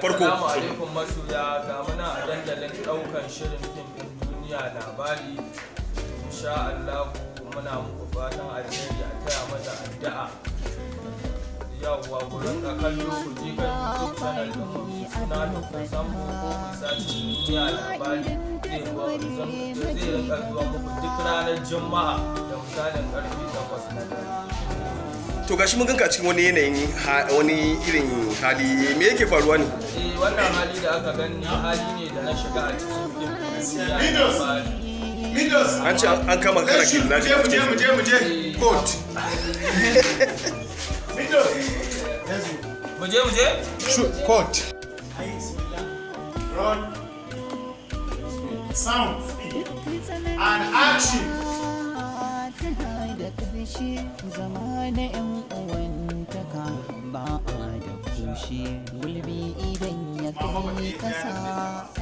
farko assalamu alaikum masoya ga muna a dandalin daukan shirin fim din duniya labari insha Allah muna muku fatan alheri a taya mata addu'a yawwa gurin ka kallo ku ji ga YouTube channel din mu suna Dr. Sambo ko mu sace duniya labari zai ruwa zai rinka zuwa muku duk ranar Juma'a da misalin karfe 8 na dare to gashi mun ganka cikin wani yanayin wani irin hali me yake faruwa ne eh, wannan hali da aka gani hali ne da na shiga a cikin Windows. An ce an kama kana na Je mu je mu je mu je. Court. Windows. Mu je mu je. Court. Run. Sound. And action. shi zama na yan uwantaka ba a da kushe gulbi idan ya kai kasa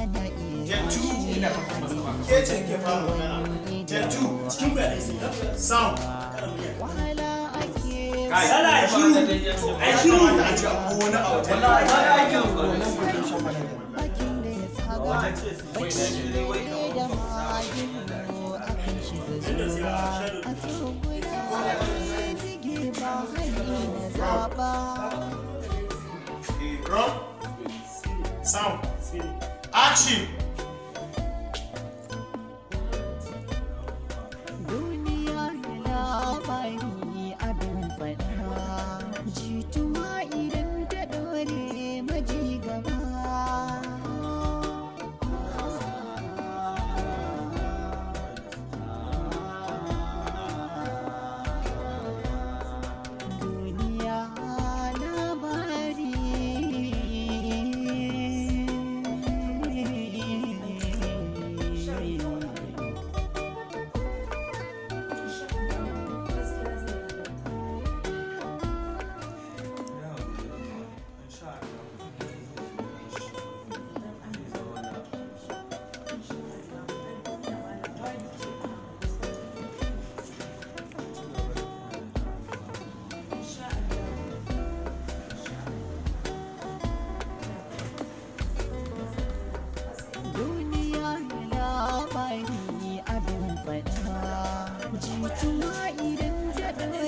ana iya rashe a da wahala ake sala shiru a shiru a ji wani a wajen da ake bakin da ya tsaga bakin da ya da hajji a kan shiga zuwa a Rob. Action.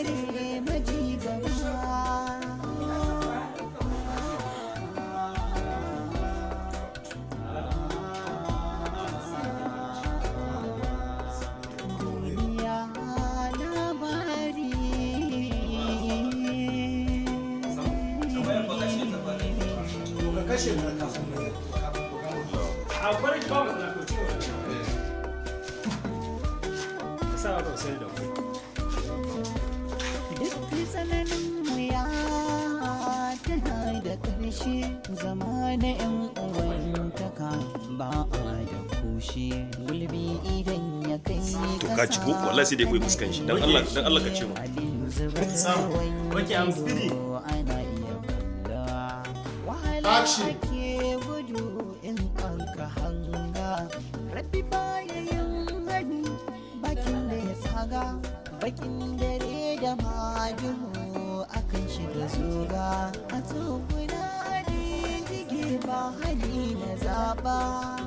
cire maji gaba kashe mana bari ƙarshe zama da 'yan uwantaka ba a da kushe gulbi idan ya kai to ka ci ko wallahi sai dai koyi fuskan shi dan Allah dan Allah ka ce mu okay i'm speedy action bakin dare da majuhu da zuga a tsoguna ne jige ba hali na zaba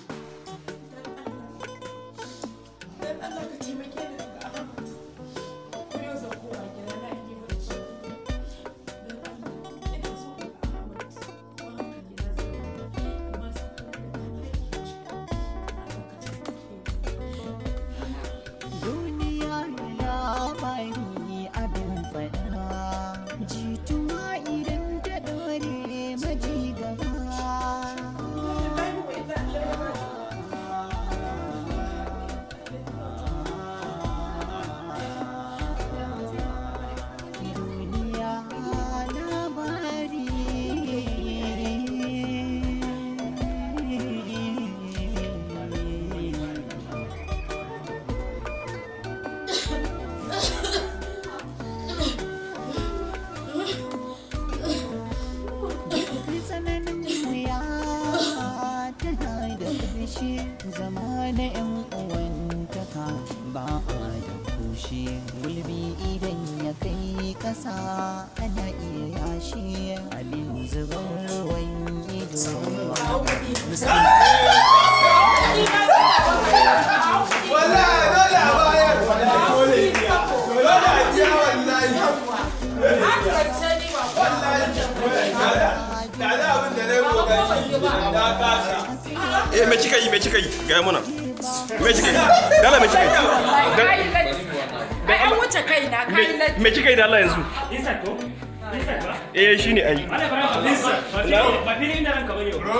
eh me kika yi me kika yi ga mana me kika yi dala me kika yi da wuce kai na kai na me kika yi dala yanzu eh shine ai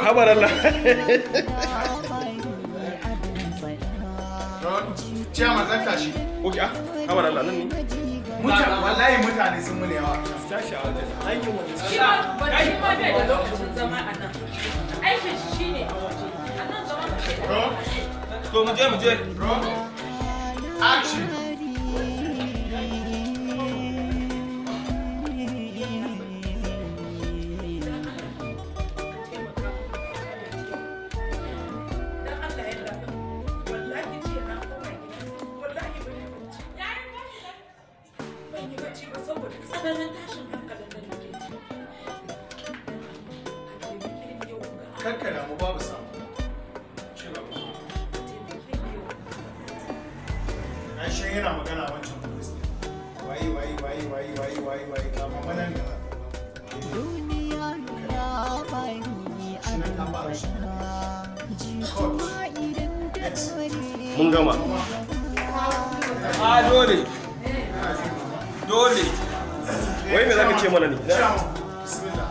habar Allah Ciyama zan tashi. Ok, ah, habar Allah nan ne. mutane mutane sun mune yawa tashi a wani wani shi ma bai da lokacin zama a nan aikin shi a a nan zama bro to mu je mu je bro action kakka damu babu samu cewa ashe yana magana wancan police waye waye waye waye waye waye waye kama mana ne duniya ya bani Allah idan da mun gama a ah, dole dole wai me zaka ce mana ne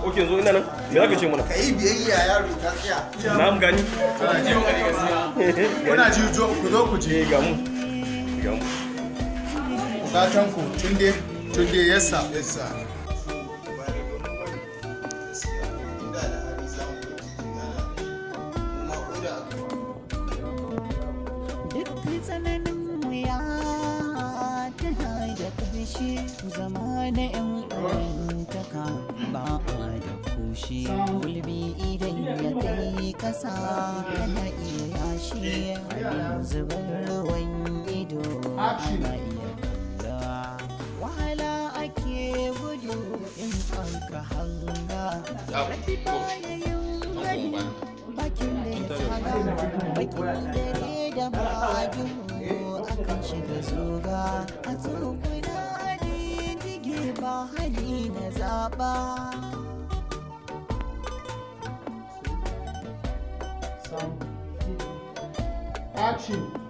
ok zo ina nan me zaka ce mana kai biyayya yaro ka tsaya na mu gani kana ji mu gaskiya kuna ji jo ku zo ku je eh, ga mu ga mu satan ku tunde tunde yassa yassa zama na 'yan uwa bushe gulbi idan ya kai kasa kana iya yashi abin zubar ruwan ido ana iya kalla wahala ake gudu in an ka hanga rabi baya yin gani bakin da ya tsada bakin dare da magin akan shiga zoga a tsokuna ne jige ba hali na zaba ativo.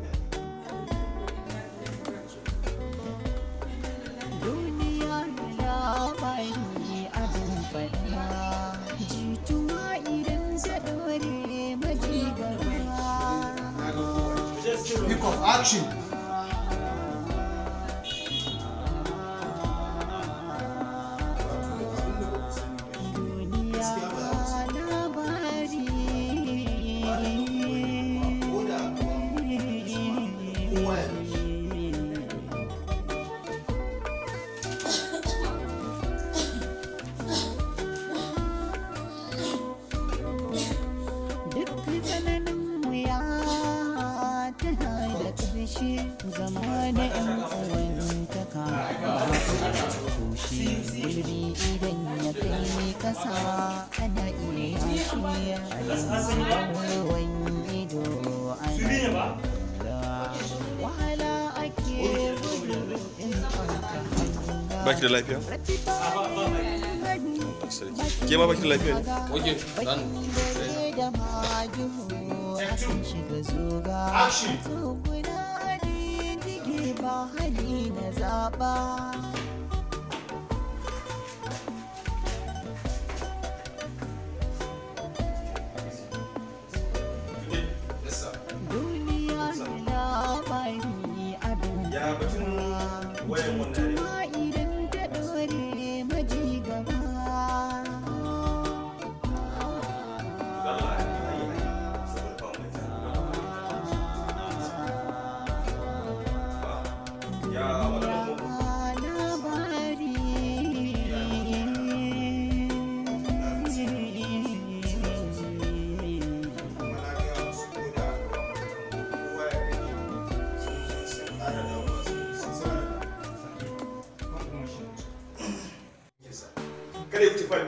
action sa ana iya shi ido ana wahala ake gudu in baki da lafiya? ke ma baki da lafiya ne? oke dan Action! Коллеги, типа,